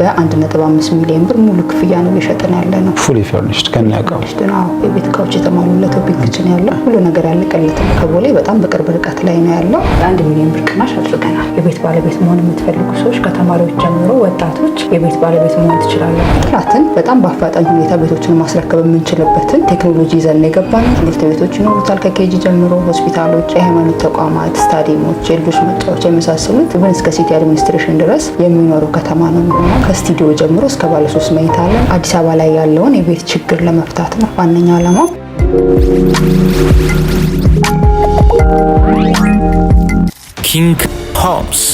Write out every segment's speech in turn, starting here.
በ1.5 ሚሊዮን ብር ሙሉ ክፍያ ነው እየሸጥን ያለ ነው። ፉሊ ፈርኒሽድ ከነቃው የቤት እቃዎች የተሟሉለት ኦፕን ኪችን ያለው ሁሉ ነገር ያለቀለት ነው። ከቦሌ በጣም በቅርብ ርቀት ላይ ነው ያለው። በአንድ ሚሊዮን ብር ቅናሽ አድርገናል። የቤት ባለቤት መሆን የምትፈልጉ ሰዎች ከተማሪዎች ጀምሮ ወጣቶች የቤት ባለቤት መሆን ትችላለን። ጥራትን በጣም በአፋጣኝ ሁኔታ ቤቶችን ማስረከብ የምንችልበትን ቴክኖሎጂ ይዘን ነው የገባነው። ትምህርት ቤቶች ይኖሩታል ከኬጂ ጀምሮ ሆስፒታሎች፣ የሃይማኖት ተቋማት፣ ስታዲየሞች፣ የልጆች መጫዎች የመሳሰሉት ብን እስከ ሲቲ አድሚኒስትሬሽን ድረስ የሚኖሩ ከተማ ነው የሚሆነው። ከስቱዲዮ ጀምሮ እስከ ባለሶስት መኝታ አለን። አዲስ አበባ ላይ ያለውን የቤት ችግር ለመፍታት ነው ዋነኛው አላማው ኪንግ ሆምስ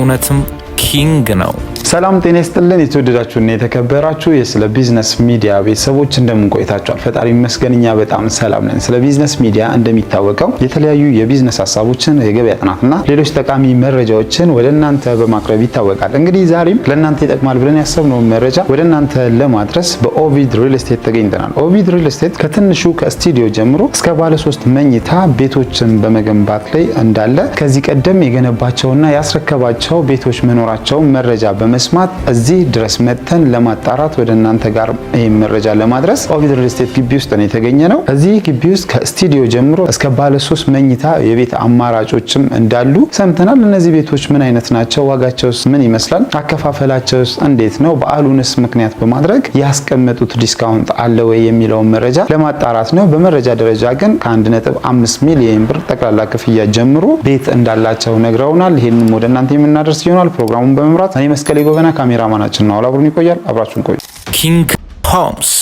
እውነትም ኪንግ ነው። ሰላም ጤና ይስጥልን። የተወደዳችሁና የተከበራችሁ የስለ ቢዝነስ ሚዲያ ቤተሰቦች እንደምን ቆይታችኋል? ፈጣሪ ይመስገን እኛ በጣም ሰላም ነን። ስለ ቢዝነስ ሚዲያ እንደሚታወቀው የተለያዩ የቢዝነስ ሀሳቦችን፣ የገበያ ጥናትና ሌሎች ጠቃሚ መረጃዎችን ወደ እናንተ በማቅረብ ይታወቃል። እንግዲህ ዛሬም ለእናንተ ይጠቅማል ብለን ያሰብነውን መረጃ ወደ እናንተ ለማድረስ በኦቪድ ሪል ስቴት ተገኝተናል። ኦቪድ ሪል ስቴት ከትንሹ ከስቱዲዮ ጀምሮ እስከ ባለ ሶስት መኝታ ቤቶችን በመገንባት ላይ እንዳለ ከዚህ ቀደም የገነባቸውና ያስረከባቸው ቤቶች መኖራቸውን መረጃ በመ በመስማት እዚህ ድረስ መጥተን ለማጣራት ወደ እናንተ ጋር ይህም መረጃ ለማድረስ ኦቪድ ሪል ስቴት ግቢ ውስጥ ነው የተገኘ ነው። እዚህ ግቢ ውስጥ ከስቱዲዮ ጀምሮ እስከ ባለ ሶስት መኝታ የቤት አማራጮችም እንዳሉ ሰምተናል። እነዚህ ቤቶች ምን አይነት ናቸው? ዋጋቸውስ ምን ይመስላል? አከፋፈላቸውስ እንዴት ነው? በዓሉንስ ምክንያት በማድረግ ያስቀመጡት ዲስካውንት አለ ወይ የሚለውን መረጃ ለማጣራት ነው። በመረጃ ደረጃ ግን ከ1.5 ሚሊዮን ብር ጠቅላላ ክፍያ ጀምሮ ቤት እንዳላቸው ነግረውናል። ይህንም ወደ እናንተ የምናደርስ ይሆናል። ፕሮግራሙን በመምራት እኔ መስቀሌ ጎበና ካሜራማናችን ነው አብሮን ይቆያል። አብራችሁን ቆዩ። ኪንግ ሆምስ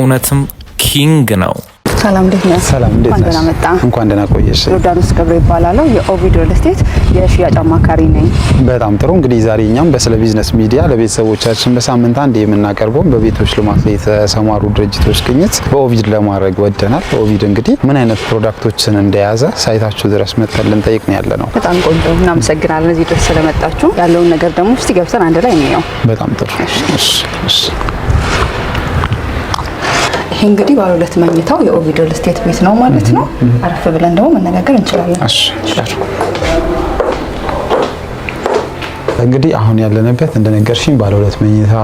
እውነትም ኪንግ ነው። ሰላም እንዴት ነህ? ሰላም እንዴት ነህ? መጣ። እንኳን ደህና ቆየሽ። ዮርዳኖስ ገብረ ይባላለሁ። የኦቪድ ሪል ስቴት የሽያጭ አማካሪ ነኝ። በጣም ጥሩ። እንግዲህ ዛሬ እኛም በስለ ቢዝነስ ሚዲያ ለቤተሰቦቻችን በሳምንት አንድ የምናቀርበውን በቤቶች ልማት ላይ የተሰማሩ ድርጅቶች ግኝት በኦቪድ ለማድረግ ወደናል። ኦቪድ እንግዲህ ምን አይነት ፕሮዳክቶችን እንደያዘ ሳይታችሁ ድረስ መጥተን ልንጠይቅ ነው ያለ ነው። በጣም ቆንጆ። እናመሰግናለን እዚህ ድረስ ስለመጣችሁ። ያለውን ነገር ደግሞ እስቲ ገብተን አንድ ላይ እንየው። በጣም ጥሩ። እሺ እሺ ይሄ እንግዲህ ባለ ሁለት መኝታው የኦቪድ ሪል ስቴት ቤት ነው ማለት ነው። አረፍ ብለን ደግሞ መነጋገር እንችላለን። እንግዲህ አሁን ያለንበት እንደነገርሽኝ ባለ ሁለት መኝታ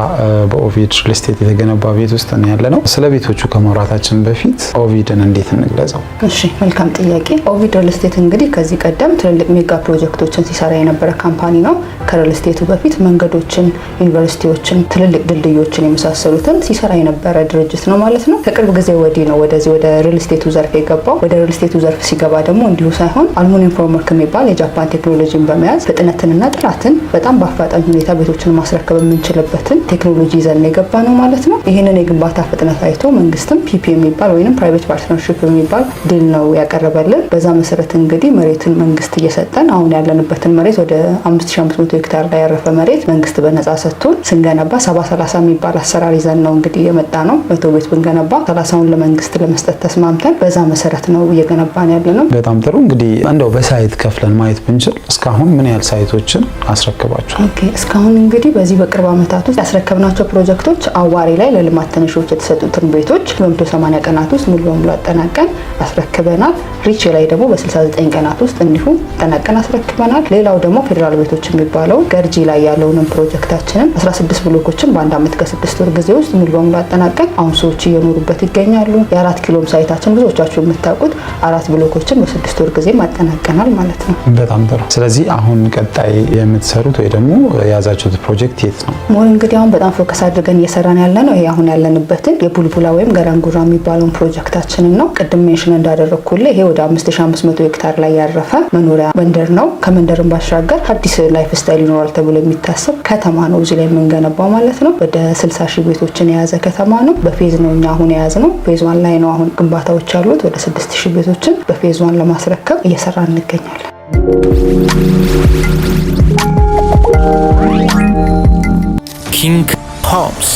በኦቪድ ሪል ስቴት የተገነባ ቤት ውስጥ ነው ያለ ነው። ስለ ቤቶቹ ከመውራታችን በፊት ኦቪድን እንዴት እንግለጸው? እሺ መልካም ጥያቄ። ኦቪድ ሪል ስቴት እንግዲህ ከዚህ ቀደም ትልልቅ ሜጋ ፕሮጀክቶችን ሲሰራ የነበረ ካምፓኒ ነው። ከሪል ስቴቱ በፊት መንገዶችን፣ ዩኒቨርሲቲዎችን፣ ትልልቅ ድልድዮችን የመሳሰሉትን ሲሰራ የነበረ ድርጅት ነው ማለት ነው። ከቅርብ ጊዜ ወዲህ ነው ወደዚህ ወደ ሪል ስቴቱ ዘርፍ የገባው። ወደ ሪል ስቴቱ ዘርፍ ሲገባ ደግሞ እንዲሁ ሳይሆን አልሙኒየም ፍሬምወርክ የሚባል የጃፓን ቴክኖሎጂን በመያዝ ፍጥነትንና ጥራትን በጣም በጣም በአፋጣኝ ሁኔታ ቤቶችን ማስረከብ የምንችልበትን ቴክኖሎጂ ይዘን የገባ ነው ማለት ነው። ይህንን የግንባታ ፍጥነት አይቶ መንግስትም ፒፒ የሚባል ወይም ፕራይቬት ፓርትነርሽፕ የሚባል ድል ነው ያቀረበልን። በዛ መሰረት እንግዲህ መሬትን መንግስት እየሰጠን አሁን ያለንበትን መሬት ወደ 5500 ሄክታር ላይ ያረፈ መሬት መንግስት በነጻ ሰጥቶን ስንገነባ 730 የሚባል አሰራር ይዘን ነው እንግዲህ የመጣ ነው። መቶ ቤት ብንገነባ 30 ለመንግስት ለመስጠት ተስማምተን በዛ መሰረት ነው እየገነባን ያለ ነው። በጣም ጥሩ እንግዲህ እንደው በሳይት ከፍለን ማየት ብንችል እስካሁን ምን ያህል ሳይቶችን አስረክባል? ያስረክቧቸዋል። እስካሁን እንግዲህ በዚህ በቅርብ ዓመታት ውስጥ ያስረከብናቸው ፕሮጀክቶች አዋሪ ላይ ለልማት ተነሺዎች የተሰጡትን ቤቶች በመቶ 180 ቀናት ውስጥ ሙሉ በሙሉ አጠናቀን አስረክበናል። ሪች ላይ ደግሞ በ69 ቀናት ውስጥ እንዲሁም አጠናቀን አስረክበናል። ሌላው ደግሞ ፌዴራል ቤቶች የሚባለው ገርጂ ላይ ያለውንም ፕሮጀክታችንን 16 ብሎኮችን በአንድ ዓመት ከስድስት ወር ጊዜ ውስጥ ሙሉ በሙሉ አጠናቀን አሁን ሰዎች እየኖሩበት ይገኛሉ። የአራት ኪሎም ሳይታችን ብዙዎቻችሁ የምታውቁት አራት ብሎኮችን በስድስት ወር ጊዜ አጠናቀናል ማለት ነው። በጣም ጥሩ። ስለዚህ አሁን ቀጣይ የምትሰሩት ወይ ደግሞ የያዛችሁት ፕሮጀክት የት ነው? ሞር እንግዲህ አሁን በጣም ፎከስ አድርገን እየሰራን ያለ ነው ይሄ አሁን ያለንበትን የቡልቡላ ወይም ገራንጉራ የሚባለውን ፕሮጀክታችንን ነው። ቅድም ሜንሽን እንዳደረግኩልህ ይሄ ወደ 5500 ሄክታር ላይ ያረፈ መኖሪያ መንደር ነው። ከመንደርን ባሻገር አዲስ ላይፍ ስታይል ይኖራል ተብሎ የሚታሰብ ከተማ ነው እዚህ ላይ የምንገነባው ማለት ነው። ወደ 60 ሺህ ቤቶችን የያዘ ከተማ ነው። በፌዝ ነው እኛ አሁን የያዝ ነው። ፌዝ ዋን ላይ ነው አሁን ግንባታዎች አሉት። ወደ 6 ሺህ ቤቶችን በፌዝ ዋን ለማስረከብ እየሰራ እንገኛለን። ኪንግ ሆምስ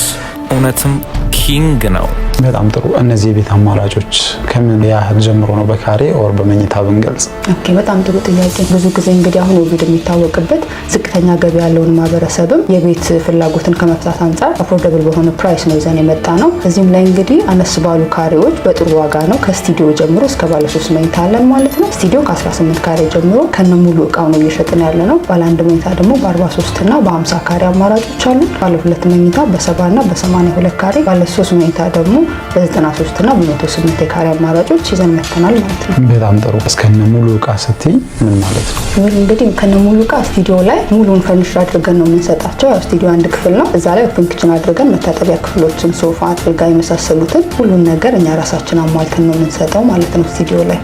እውነትም ኪንግ ነው። በጣም ጥሩ። እነዚህ የቤት አማራጮች ከምን ያህል ጀምሮ ነው በካሬ ወር በመኝታ ብንገልጽ? ኦኬ፣ በጣም ጥሩ ጥያቄ። ብዙ ጊዜ እንግዲህ አሁን ውድ የሚታወቅበት ዝቅተኛ ገቢ ያለውን ማህበረሰብም የቤት ፍላጎትን ከመፍታት አንጻር አፎርደብል በሆነ ፕራይስ ነው ይዘን የመጣ ነው። እዚህም ላይ እንግዲህ አነስ ባሉ ካሬዎች በጥሩ ዋጋ ነው። ከስቱዲዮ ጀምሮ እስከ ባለሶስት መኝታ አለን ማለት ነው። ስቱዲዮ ከ18 ካሬ ጀምሮ ከነ ሙሉ እቃው ነው እየሸጥን ያለ ነው። ባለ አንድ መኝታ ደግሞ በ43 እና በ50 ካሬ አማራጮች አሉ። ባለ ሁለት መኝታ በ70 እና በ82 ካሬ፣ ባለ ሶስት መኝታ ደግሞ በዘጠና ሶስት እና በመቶ ስምንት የካሬ አማራጮች ይዘን መተናል ማለት ነው። በጣም ጥሩ። እስከነ ሙሉ እቃ ስትይ ምን ማለት ነው? እንግዲህ ከነ ሙሉ እቃ ስቱዲዮ ላይ ሙሉን ፈርኒሽድ አድርገን ነው የምንሰጣቸው። ያው ስቱዲዮ አንድ ክፍል ነው። እዛ ላይ ኦፕን አድርገን መታጠቢያ ክፍሎችን፣ ሶፋ፣ አልጋ የመሳሰሉትን ሁሉን ነገር እኛ ራሳችን አሟልተን ነው የምንሰጠው ማለት ነው። ስቱዲዮ ላይ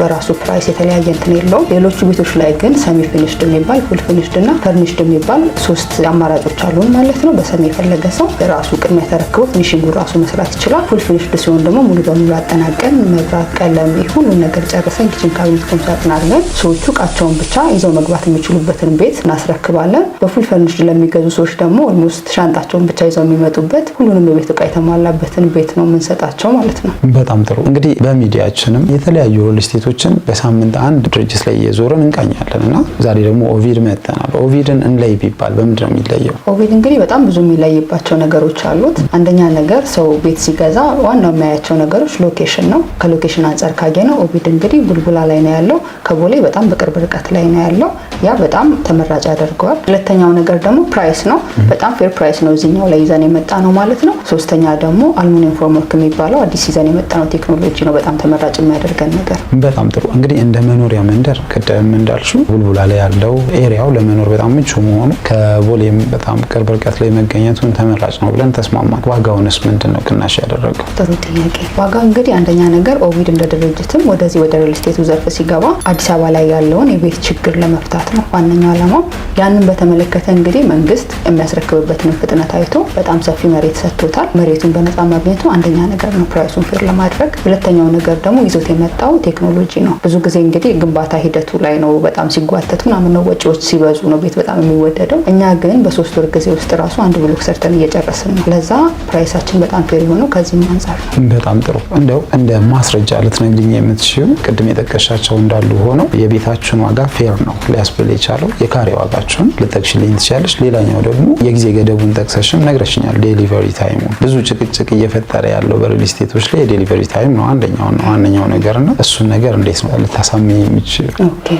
በራሱ ፕራይስ የተለያየ እንትን የለውም። ሌሎቹ ቤቶች ላይ ግን ሰሚ ፊኒሽድ የሚባል ፉል ፊኒሽድ እና ፈርኒሽድ የሚባል ሶስት አማራጮች አሉን ማለት ነው። በሰሚ የፈለገ ሰው ራሱ ቅድሚያ ተረክቦ ፊኒሽንጉ ራሱ መስራት ይችላል። ከዛ ፉል ፊኒሽድ ሲሆን ደግሞ ሙሉ በሙሉ አጠናቀን መብራት፣ ቀለም ሁሉ ነገር ጨርሰን ኪችን ካቢኔት ቁም አድርገን ሰዎቹ እቃቸውን ብቻ ይዘው መግባት የሚችሉበትን ቤት እናስረክባለን። በፉል ፈርኒሽድ ለሚገዙ ሰዎች ደግሞ ኦልሞስት ሻንጣቸውን ብቻ ይዘው የሚመጡበት ሁሉንም የቤት እቃ የተሟላበትን ቤት ነው የምንሰጣቸው ማለት ነው። በጣም ጥሩ እንግዲህ በሚዲያችንም የተለያዩ ሪል ስቴቶችን በሳምንት አንድ ድርጅት ላይ እየዞርን እንቃኛለን እና ዛሬ ደግሞ ኦቪድ መጥተናል። ኦቪድን እንለይ ቢባል በምንድን ነው የሚለየው? ኦቪድ እንግዲህ በጣም ብዙ የሚለይባቸው ነገሮች አሉት። አንደኛ ነገር ሰው ቤት ሲገ ስገዛ ዋናው የሚያያቸው ነገሮች ሎኬሽን ነው። ከሎኬሽን አንጻር ካየ ነው ኦቢድ እንግዲህ ቡልቡላ ላይ ነው ያለው፣ ከቦሌ በጣም በቅርብ ርቀት ላይ ነው ያለው። ያ በጣም ተመራጭ ያደርገዋል። ሁለተኛው ነገር ደግሞ ፕራይስ ነው። በጣም ፌር ፕራይስ ነው እዚኛው ላይ ይዘን የመጣ ነው ማለት ነው። ሶስተኛ ደግሞ አልሙኒየም ፎርምወርክ የሚባለው አዲስ ይዘን የመጣ ነው ቴክኖሎጂ ነው በጣም ተመራጭ የሚያደርገን ነገር። በጣም ጥሩ እንግዲህ እንደ መኖሪያ መንደር ቅድም እንዳልሹ ቡልቡላ ላይ ያለው ኤሪያው ለመኖር በጣም ምቹ መሆኑ ከቦሌም በጣም ቅርብ ርቀት ላይ መገኘቱን ተመራጭ ነው ብለን ተስማማ። ዋጋውንስ ምንድን ነው ቅናሽ ያደረገው? ጥሩ ጥያቄ። ዋጋ እንግዲህ አንደኛ ነገር ኦቪድ እንደ ድርጅትም ወደዚህ ወደ ሪል ስቴቱ ዘርፍ ሲገባ አዲስ አበባ ላይ ያለውን የቤት ችግር ለመፍታት ነው ዋነኛው ዓላማው። ያንን በተመለከተ እንግዲህ መንግስት የሚያስረክብበትንም ፍጥነት አይቶ በጣም ሰፊ መሬት ሰጥቶታል። መሬቱን በነፃ ማግኘቱ አንደኛ ነገር ነው ፕራይሱን ፌር ለማድረግ። ሁለተኛው ነገር ደግሞ ይዞት የመጣው ቴክኖሎጂ ነው። ብዙ ጊዜ እንግዲህ ግንባታ ሂደቱ ላይ ነው በጣም ሲጓተት ምናምን ነው ወጪዎች ሲበዙ ነው ቤት በጣም የሚወደደው። እኛ ግን በሶስት ወር ጊዜ ውስጥ ራሱ አንድ ብሎክ ሰርተን እየጨረስን ነው። ለዛ ፕራይሳችን በጣም ፌር የሆነው ከዚህ አንጻር በጣም ጥሩ። እንደው እንደ ማስረጃ ልትነግሪኝ የምትችይው ቅድም የጠቀሻቸው እንዳሉ ሆነው የቤታችን ዋጋ ፌር ነው ሊያስብል የቻለው የካሬ ዋጋችን ልጠቅሽልኝ ትችያለሽ። ሌላኛው ደግሞ የጊዜ ገደቡን ጠቅሰሽም ነግረሽኛል። ዴሊቨሪ ታይሙ ብዙ ጭቅጭቅ እየፈጠረ ያለው በሪል ስቴቶች ላይ የዴሊቨሪ ታይም ነው አንደኛው ነው ዋነኛው ነገር ነው። እሱን ነገር እንዴት ነው ልታሳምኝ የምችል?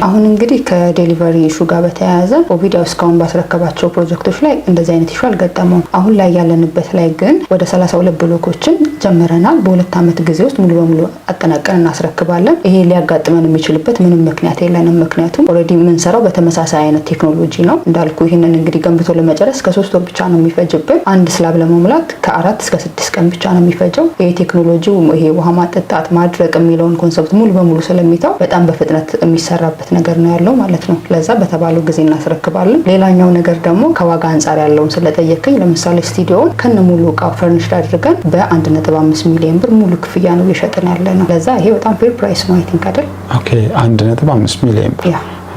አሁን እንግዲህ ከዴሊቨሪ ኢሹ ጋር በተያያዘ ኦቪዲያ እስካሁን ባስረከባቸው ፕሮጀክቶች ላይ እንደዚህ አይነት ኢሹ አልገጠመውም። አሁን ላይ ያለንበት ላይ ግን ወደ 32 ብሎኮችን ፕሮጀክቶችን ጀምረናል። በሁለት ዓመት ጊዜ ውስጥ ሙሉ በሙሉ አጠናቀን እናስረክባለን። ይሄ ሊያጋጥመን የሚችልበት ምንም ምክንያት የለንም። ምክንያቱም ኦልሬዲ የምንሰራው በተመሳሳይ አይነት ቴክኖሎጂ ነው። እንዳልኩ ይህንን እንግዲህ ገንብቶ ለመጨረስ ከሶስት ወር ብቻ ነው የሚፈጅብን። አንድ ስላብ ለመሙላት ከአራት እስከ ስድስት ቀን ብቻ ነው የሚፈጀው። ይሄ ቴክኖሎጂ ይሄ ውሃ ማጠጣት ማድረቅ የሚለውን ኮንሰፕት ሙሉ በሙሉ ስለሚተው በጣም በፍጥነት የሚሰራበት ነገር ነው ያለው ማለት ነው። ለዛ በተባለው ጊዜ እናስረክባለን። ሌላኛው ነገር ደግሞ ከዋጋ አንጻር ያለውን ስለጠየከኝ ለምሳሌ ስቱዲዮውን ከነ ሙሉ እቃ ፈርኒሽድ አድርገን በአንድ አንድ ነጥብ አምስት ሚሊዮን ብር ሙሉ ክፍያ ነው እየሸጥን ያለ ነው። ለዛ ይሄ በጣም ፌር ፕራይስ ነው። አይ ቲንክ አይደል? ኦኬ አንድ ነጥብ አምስት ሚሊዮን ብር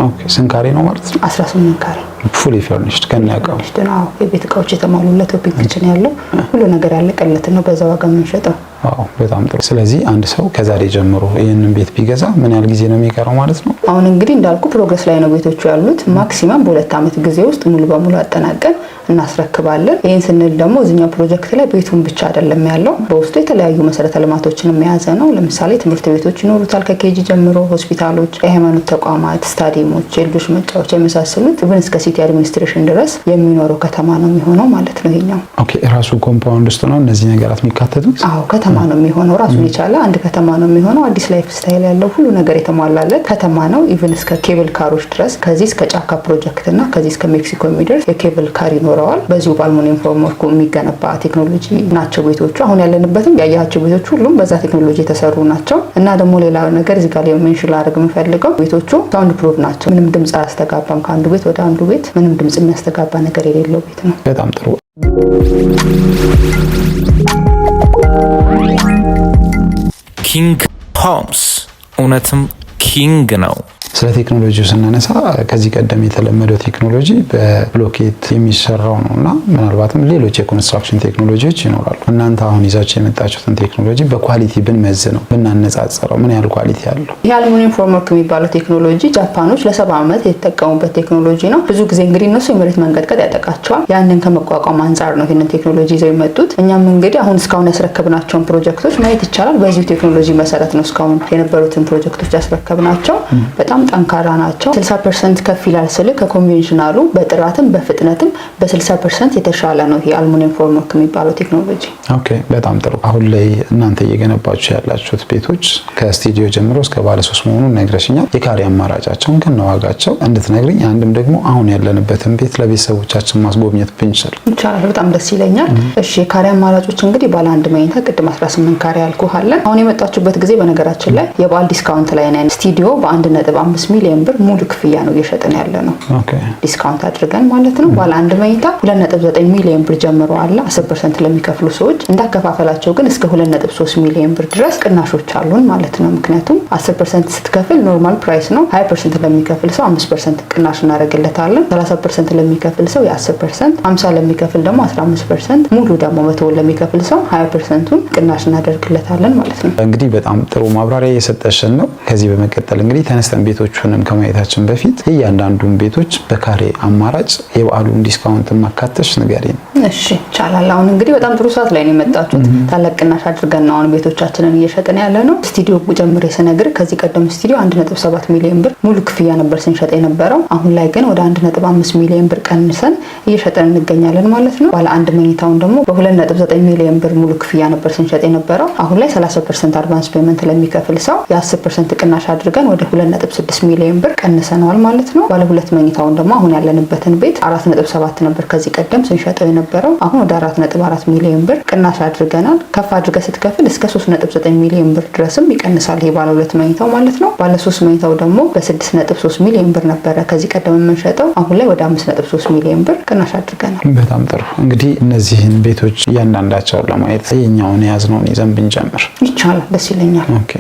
ኦኬ። ስንት ካሬ ነው ማለት ነው? አስራ ስምንት ካሬ ፉሊ ፈርኒሽድ ከነቀው ነው። የቤት እቃዎች የተሟሉለት ኦፕን ኪችን ያለው ሁሉ ነገር ያለቀለት ነው። በዛ ዋጋ የምንሸጠው። አዎ በጣም ጥሩ። ስለዚህ አንድ ሰው ከዛሬ ጀምሮ ይህንን ቤት ቢገዛ ምን ያህል ጊዜ ነው የሚቀረው ማለት ነው? አሁን እንግዲህ እንዳልኩ ፕሮግረስ ላይ ነው ቤቶቹ ያሉት። ማክሲመም በሁለት ዓመት ጊዜ ውስጥ ሙሉ በሙሉ አጠናቀን እናስረክባለን። ይህን ስንል ደግሞ እዚኛው ፕሮጀክት ላይ ቤቱን ብቻ አይደለም ያለው፣ በውስጡ የተለያዩ መሰረተ ልማቶችን የያዘ ነው። ለምሳሌ ትምህርት ቤቶች ይኖሩታል ከኬጂ ጀምሮ፣ ሆስፒታሎች፣ የሃይማኖት ተቋማት፣ ስታዲየሞች፣ የልጆች መጫዎች የመሳሰሉት ብን እስከ ሲቲ ሲቲ አድሚኒስትሬሽን ድረስ የሚኖረው ከተማ ነው የሚሆነው ማለት ነው። ይሄኛው ራሱ ኮምፓውንድ ውስጥ ነው እነዚህ ነገራት የሚካተቱት። አዎ ከተማ ነው የሚሆነው ራሱን የቻለ አንድ ከተማ ነው የሚሆነው። አዲስ ላይፍ ስታይል ያለው ሁሉ ነገር የተሟላለት ከተማ ነው። ኢቨን እስከ ኬብል ካሮች ድረስ ከዚህ እስከ ጫካ ፕሮጀክት እና ከዚህ እስከ ሜክሲኮ የሚደርስ የኬብል ካር ይኖረዋል። በዚሁ በአልሙኒየም ፎርምወርኩ የሚገነባ ቴክኖሎጂ ናቸው ቤቶቹ። አሁን ያለንበትም ያያቸው ቤቶች ሁሉም በዛ ቴክኖሎጂ የተሰሩ ናቸው እና ደግሞ ሌላ ነገር እዚጋ ጋ ላይ ሜንሽን ላደርግ የምፈልገው ቤቶቹ ሳውንድ ፕሩቭ ናቸው። ምንም ድምፅ አያስተጋባም ከአንዱ ቤት ወደ አንዱ ቤት ቤት ምንም ድምፅ የሚያስተጋባ ነገር የሌለው ቤት ነው። በጣም ጥሩ። ኪንግ ሆምስ እውነትም ኪንግ ነው። ስለ ቴክኖሎጂ ስናነሳ ከዚህ ቀደም የተለመደው ቴክኖሎጂ በብሎኬት የሚሰራው ነው እና ምናልባትም ሌሎች የኮንስትራክሽን ቴክኖሎጂዎች ይኖራሉ። እናንተ አሁን ይዛቸው የመጣችሁትን ቴክኖሎጂ በኳሊቲ ብንመዝ ነው ብናነጻጸረው ምን ያህል ኳሊቲ አለው? ይህ አልሙኒየም ፍሬምወርክ የሚባለው ቴክኖሎጂ ጃፓኖች ለሰባ ዓመት የተጠቀሙበት ቴክኖሎጂ ነው። ብዙ ጊዜ እንግዲህ እነሱ የመሬት መንቀጥቀጥ ያጠቃቸዋል። ያንን ከመቋቋም አንጻር ነው ይህንን ቴክኖሎጂ ይዘው የመጡት። እኛም እንግዲህ አሁን እስካሁን ያስረከብናቸውን ፕሮጀክቶች ማየት ይቻላል። በዚሁ ቴክኖሎጂ መሰረት ነው እስካሁን የነበሩትን ፕሮጀክቶች ያስረከብናቸው በጣም ጠንካራ ናቸው። 60 ፐርሰንት ከፍ ይላል ስል ከኮንቬንሽናሉ በጥራትም በፍጥነትም በ60 ፐርሰንት የተሻለ ነው ይሄ አልሙኒየም ፎርምወርክ የሚባለው ቴክኖሎጂ። ኦኬ በጣም ጥሩ። አሁን ላይ እናንተ እየገነባችሁ ያላችሁት ቤቶች ከስቱዲዮ ጀምሮ እስከ ባለሶስት መሆኑን ነግረሽኛል። የካሬ አማራጫቸውን ከነዋጋቸው እንድትነግርኝ አንድም ደግሞ አሁን ያለንበትን ቤት ለቤተሰቦቻችን ማስጎብኘት ብንችል ይቻላል፣ በጣም ደስ ይለኛል። እሺ የካሬ አማራጮች እንግዲህ ባለ አንድ መኝታ ቅድም 18 ካሬ ያልኩህ አለን። አሁን የመጣችሁበት ጊዜ በነገራችን ላይ የበዓል ዲስካውንት ላይ ነን። ስቱዲዮ በአንድ ነጥብ አምስት አምስት ሚሊዮን ብር ሙሉ ክፍያ ነው እየሸጥን ያለ ነው። ዲስካውንት አድርገን ማለት ነው። ባለ አንድ መኝታ ሁለት ዘጠኝ ሚሊዮን ብር ጀምሮ አለ አስር ፐርሰንት ለሚከፍሉ ሰዎች እንዳከፋፈላቸው ግን እስከ ሁለት ሶስት ሚሊዮን ብር ድረስ ቅናሾች አሉን ማለት ነው። ምክንያቱም 10 ፐርሰንት ስትከፍል ኖርማል ፕራይስ ነው። ሀያ ፐርሰንት ለሚከፍል ሰው አምስት ፐርሰንት ቅናሽ እናደርግለታለን። ሰላሳ ፐርሰንት ለሚከፍል ሰው የአስር ፐርሰንት ሀምሳ ለሚከፍል ደግሞ አስራ አምስት ፐርሰንት ሙሉ ደግሞ መቶውን ለሚከፍል ሰው ሀያ ፐርሰንቱን ቅናሽ እናደርግለታለን ማለት ነው። እንግዲህ በጣም ጥሩ ማብራሪያ እየሰጠሽን ነው። ከዚህ በመቀጠል እንግዲህ ተነስተን ቤት ቤቶቹንም ከማየታችን በፊት እያንዳንዱን ቤቶች በካሬ አማራጭ የበዓሉን ዲስካውንት ማካተሽ ንገሪን። እሺ ይቻላል። አሁን እንግዲህ በጣም ጥሩ ሰዓት ላይ ነው የመጣችሁት። ታላቅ ቅናሽ አድርገን ነው አሁን ቤቶቻችንን እየሸጥን ያለ ነው። ስቱዲዮ ጀምሬ ስነግር ከዚህ ቀደም ስቱዲዮ 1.7 ሚሊዮን ብር ሙሉ ክፍያ ነበር ስንሸጥ የነበረው። አሁን ላይ ግን ወደ 1.5 ሚሊዮን ብር ቀንሰን እየሸጠን እንገኛለን ማለት ነው። ባለ አንድ መኝታውን ደግሞ በ2.9 ሚሊዮን ብር ሙሉ ክፍያ ነበር ስንሸጥ የነበረው። አሁን ላይ 30 ፐርሰንት አድቫንስ ፔመንት ለሚከፍል ሰው የ10 ፐርሰንት ቅናሽ አድርገን ወደ 2.6 ስድስት ሚሊዮን ብር ቀንሰነዋል ማለት ነው። ባለ ሁለት መኝታውን ደግሞ አሁን ያለንበትን ቤት አራት ነጥብ ሰባት ነበር ከዚህ ቀደም ስንሸጠው የነበረው አሁን ወደ አራት ነጥብ አራት ሚሊዮን ብር ቅናሽ አድርገናል። ከፍ አድርገ ስትከፍል እስከ ሶስት ነጥብ ዘጠኝ ሚሊዮን ብር ድረስም ይቀንሳል ይህ ባለ ሁለት መኝታው ማለት ነው። ባለ ሶስት መኝታው ደግሞ በስድስት ነጥብ ሶስት ሚሊዮን ብር ነበረ ከዚህ ቀደም የምንሸጠው አሁን ላይ ወደ አምስት ነጥብ ሶስት ሚሊዮን ብር ቅናሽ አድርገናል። በጣም ጥሩ እንግዲህ እነዚህን ቤቶች እያንዳንዳቸውን ለማየት የኛውን የያዝነውን ይዘን ብንጀምር ይቻላል፣ ደስ ይለኛል። ኦኬ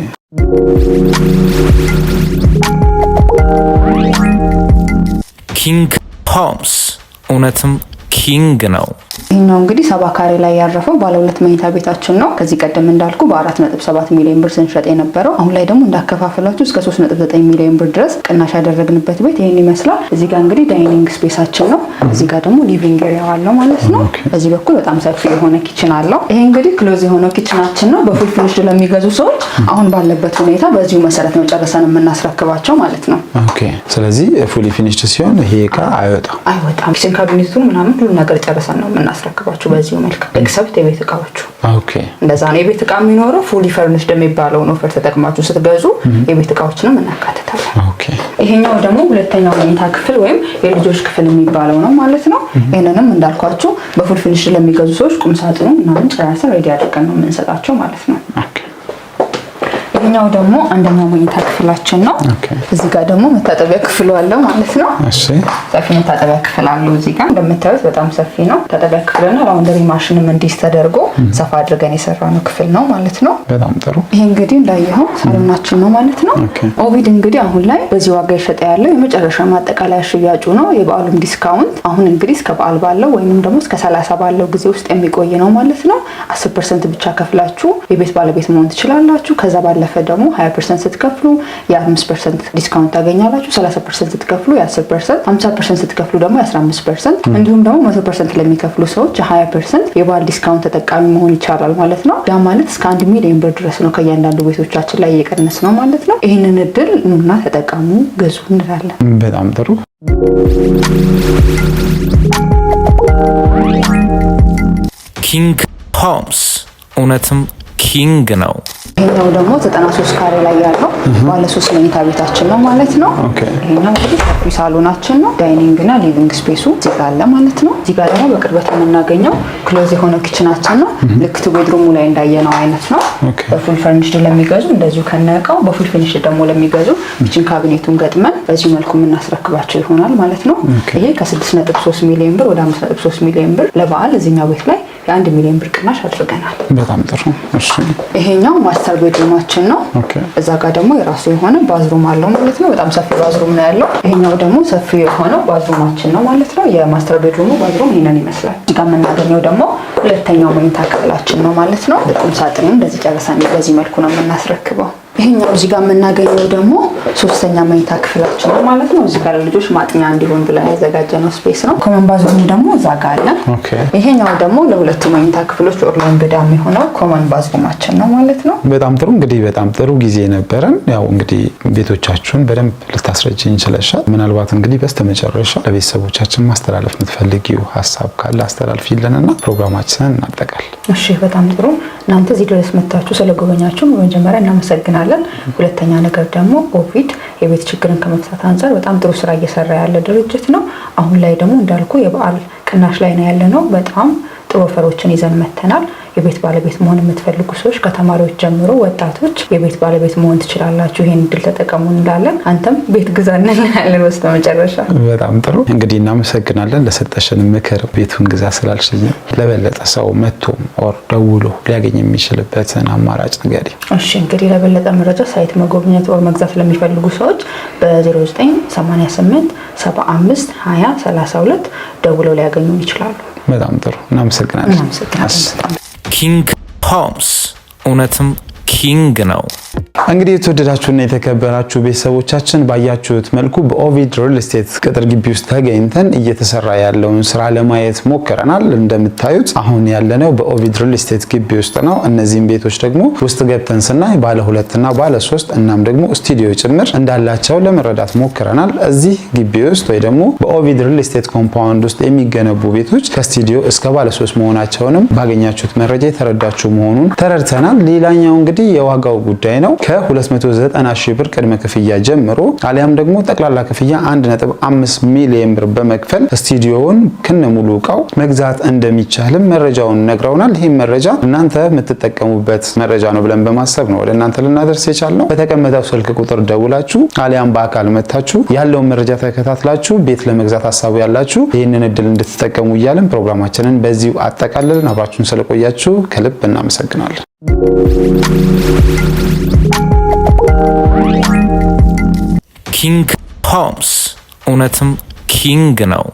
King Holmes. Unatom ኪንግ ነው። ይህኛው እንግዲህ ሰባ ካሬ ላይ ያረፈው ባለ ሁለት መኝታ ቤታችን ነው። ከዚህ ቀደም እንዳልኩ በአራት ነጥብ ሰባት ሚሊዮን ብር ስንሸጥ የነበረው አሁን ላይ ደግሞ እንዳከፋፈላችሁ እስከ ሶስት ነጥብ ዘጠኝ ሚሊዮን ብር ድረስ ቅናሽ ያደረግንበት ቤት ይህን ይመስላል። እዚህ ጋር እንግዲህ ዳይኒንግ ስፔሳችን ነው። እዚህ ጋር ደግሞ ሊቪንግ ኤሪያ አለው ማለት ነው። በዚህ በኩል በጣም ሰፊ የሆነ ኪችን አለው። ይሄ እንግዲህ ክሎዝ የሆነው ኪችናችን ነው። በፉል ፊኒሽድ ለሚገዙ ሰዎች አሁን ባለበት ሁኔታ በዚሁ መሰረት ነው ጨርሰን የምናስረክባቸው ማለት ነው። ስለዚህ ፉሊ ፊኒሽድ ሲሆን ይሄ እቃ አይወጣም አይወጣም ኪችን ካቢኔቱን ምናምን ሁሉም ነገር ጨርሰን ነው የምናስረክባችሁ በዚሁ መልክ ኤክሰፕት የቤት እቃዎቹ እንደዛ ነው። የቤት እቃ የሚኖረው ፉሊ ፈርኒሽድ የሚባለውን ኦፈር ተጠቅማችሁ ስትገዙ የቤት እቃዎችንም እናካትታለን። ይሄኛው ደግሞ ሁለተኛው መኝታ ክፍል ወይም የልጆች ክፍል የሚባለው ነው ማለት ነው። ይህንንም እንዳልኳችሁ በፉል ፊኒሽ ለሚገዙ ሰዎች ቁምሳጥኑ ምናምን ጨራርሰን ሬዲ አድርገን ነው የምንሰጣቸው ማለት ነው። ይሄኛው ደግሞ አንደኛው መኝታ ክፍላችን ነው። እዚህ ጋር ደግሞ መታጠቢያ ክፍሉ አለ ማለት ነው። ሰፊ መታጠቢያ ክፍል አለው። እዚህ ጋር እንደምታዩት በጣም ሰፊ ነው መታጠቢያ ክፍልና ላውንደሪ ማሽንም እንዲስ ተደርጎ ሰፋ አድርገን የሰራነው ክፍል ነው ማለት ነው። በጣም ጥሩ። ይሄ እንግዲህ እንዳየኸው ሳሎናችን ነው ማለት ነው። ኦቪድ እንግዲህ አሁን ላይ በዚህ ዋጋ ይሸጠ ያለው የመጨረሻ ማጠቃለያ ሽያጩ ነው። የበዓሉም ዲስካውንት አሁን እንግዲህ እስከ በዓል ባለው ወይም ደግሞ እስከ ሰላሳ ባለው ጊዜ ውስጥ የሚቆይ ነው ማለት ነው። አስር ፐርሰንት ብቻ ከፍላችሁ የቤት ባለቤት መሆን ትችላላችሁ። ከዛ ባለፈ ለመክፈል ደግሞ 20 ፐርሰንት ስትከፍሉ የ5 ፐርሰንት ዲስካውንት ታገኛላችሁ። 30 ፐርሰንት ስትከፍሉ የ10 ፐርሰንት፣ 50 ፐርሰንት ስትከፍሉ ደግሞ የ15 ፐርሰንት እንዲሁም ደግሞ 100 ፐርሰንት ለሚከፍሉ ሰዎች የ20 ፐርሰንት የባህል ዲስካውንት ተጠቃሚ መሆን ይቻላል ማለት ነው። ያ ማለት እስከ አንድ ሚሊዮን ብር ድረስ ነው ከእያንዳንዱ ቤቶቻችን ላይ እየቀነስ ነው ማለት ነው። ይህንን እድል ኑና ተጠቃሙ፣ ገዙ እንላለን። በጣም ጥሩ ኪንግ ሆምስ እውነትም ኪንግ ነው። ይሄኛው ደግሞ 93 ካሬ ላይ ያለው ባለ 3 መኝታ ቤታችን ነው ማለት ነው። ይሄኛው እንግዲህ ሰፊ ሳሎናችን ነው። ዳይኒንግ እና ሊቪንግ ስፔሱ እዚህ ጋር አለ ማለት ነው። እዚህ ጋር ደግሞ በቅርበት የምናገኘው ክሎዝ የሆነ ኪችናችን ነው። ልክ ቱ ቤድሩሙ ላይ እንዳየነው አይነት ነው። በፉል ፈርኒሽድ ለሚገዙ እንደዚሁ ከነቀው፣ በፉል ፊኒሽድ ደግሞ ለሚገዙ ኪችን ካቢኔቱን ገጥመን በዚህ መልኩ የምናስረክባቸው ይሆናል ማለት ነው። ይሄ ከ6.3 ሚሊዮን ብር ወደ 5.3 ሚሊዮን ብር ለበዓል እዚህኛው ቤት ላይ የአንድ ሚሊዮን ብር ቅናሽ አድርገናል። በጣም ጥሩ። ይሄኛው ማስተር ቤድሩማችን ነው። እዛ ጋር ደግሞ የራሱ የሆነ ባዝሩም አለው ማለት ነው። በጣም ሰፊ ባዝሩም ነው ያለው። ይሄኛው ደግሞ ሰፊ የሆነው ባዝሩማችን ነው ማለት ነው። የማስተር ቤድሩሙ ባዝሩም ይሄንን ይመስላል። እዚህ ጋር የምናገኘው ደግሞ ሁለተኛው መኝታ ክፍላችን ነው ማለት ነው። በጣም ሳጥኔም እንደዚህ ጨረሳኔ በዚህ መልኩ ነው የምናስረክበው። ይሄኛው እዚህ ጋር የምናገኘው ደግሞ ሶስተኛ መኝታ ክፍላችን ነው ማለት ነው። እዚህ ጋር ልጆች ማጥኛ እንዲሆን ብለን ያዘጋጀነው ስፔስ ነው። ኮመን ባዝሩም ደግሞ እዛ ጋር አለ። ይሄኛው ደግሞ ለሁለቱ መኝታ ክፍሎች ኦርላን ብዳም የሆነው ኮመን ባዝሩማችን ነው ማለት ነው። በጣም ጥሩ እንግዲህ፣ በጣም ጥሩ ጊዜ ነበረን። ያው እንግዲህ ቤቶቻችሁን በደንብ ልታስረጅ እንችለሻል። ምናልባት እንግዲህ በስተመጨረሻ ለቤተሰቦቻችን ማስተላለፍ የምትፈልጊው ሀሳብ ካለ አስተላልፊልን እና ፕሮግራማችንን እናጠቃል። እሺ፣ በጣም ጥሩ። እናንተ እዚህ ድረስ መታችሁ ስለጎበኛችሁ በመጀመሪያ እናመሰግናለን። እንችላለን። ሁለተኛ ነገር ደግሞ ኦቪድ የቤት ችግርን ከመፍታት አንጻር በጣም ጥሩ ስራ እየሰራ ያለ ድርጅት ነው። አሁን ላይ ደግሞ እንዳልኩ የበዓል ቅናሽ ላይ ነው ያለ ነው በጣም ጥሩ ወፈሮችን ይዘን መተናል። የቤት ባለቤት መሆን የምትፈልጉ ሰዎች ከተማሪዎች ጀምሮ ወጣቶች የቤት ባለቤት መሆን ትችላላችሁ። ይህን እድል ተጠቀሙ እንላለን። አንተም ቤት ግዛ እንላለን። በስተ መጨረሻ በጣም ጥሩ እንግዲህ እናመሰግናለን ለሰጠሽን ምክር፣ ቤቱን ግዛ ስላልሽኝ ለበለጠ ሰው መቶ ኦር ደውሎ ሊያገኝ የሚችልበትን አማራጭ ንገሪ። እሺ እንግዲህ ለበለጠ መረጃ ሳይት መጎብኘት ኦር መግዛት ለሚፈልጉ ሰዎች በ0988 75 20 32 ደውለው ሊያገኙ ይችላሉ። በጣም ጥሩ እናመሰግናለን። ኪንግ ሆምስ እውነትም ኪንግ ነው። እንግዲህ የተወደዳችሁና የተከበራችሁ ቤተሰቦቻችን ባያችሁት መልኩ በኦቪድ ሪል ስቴት ቅጥር ግቢ ውስጥ ተገኝተን እየተሰራ ያለውን ስራ ለማየት ሞክረናል። እንደምታዩት አሁን ያለነው በኦቪድ ሪል ስቴት ግቢ ውስጥ ነው። እነዚህም ቤቶች ደግሞ ውስጥ ገብተን ስናይ ባለ ሁለትና ባለ ሶስት እናም ደግሞ ስቱዲዮ ጭምር እንዳላቸው ለመረዳት ሞክረናል። እዚህ ግቢ ውስጥ ወይ ደግሞ በኦቪድ ሪል ስቴት ኮምፓውንድ ውስጥ የሚገነቡ ቤቶች ከስቱዲዮ እስከ ባለ ሶስት መሆናቸውንም ባገኛችሁት መረጃ የተረዳችሁ መሆኑን ተረድተናል። ሌላኛው እንግዲህ የዋጋው ጉዳይ ነው። ነው ከ290 ሺህ ብር ቅድመ ክፍያ ጀምሮ አሊያም ደግሞ ጠቅላላ ክፍያ 1.5 ሚሊዮን ብር በመክፈል ስቱዲዮውን ከነ ሙሉ እቃው መግዛት እንደሚቻልም መረጃውን ነግረውናል። ይህም መረጃ እናንተ የምትጠቀሙበት መረጃ ነው ብለን በማሰብ ነው ወደ እናንተ ልናደርስ የቻልነው። በተቀመጠው ስልክ ቁጥር ደውላችሁ አሊያም በአካል መታችሁ ያለውን መረጃ ተከታትላችሁ ቤት ለመግዛት ሀሳቡ ያላችሁ ይህንን እድል እንድትጠቀሙ እያለን ፕሮግራማችንን በዚሁ አጠቃልልን። አብራችሁን ስለቆያችሁ ከልብ እናመሰግናለን። ኪንግ ሆምስ እውነትም ኪንግ ነው።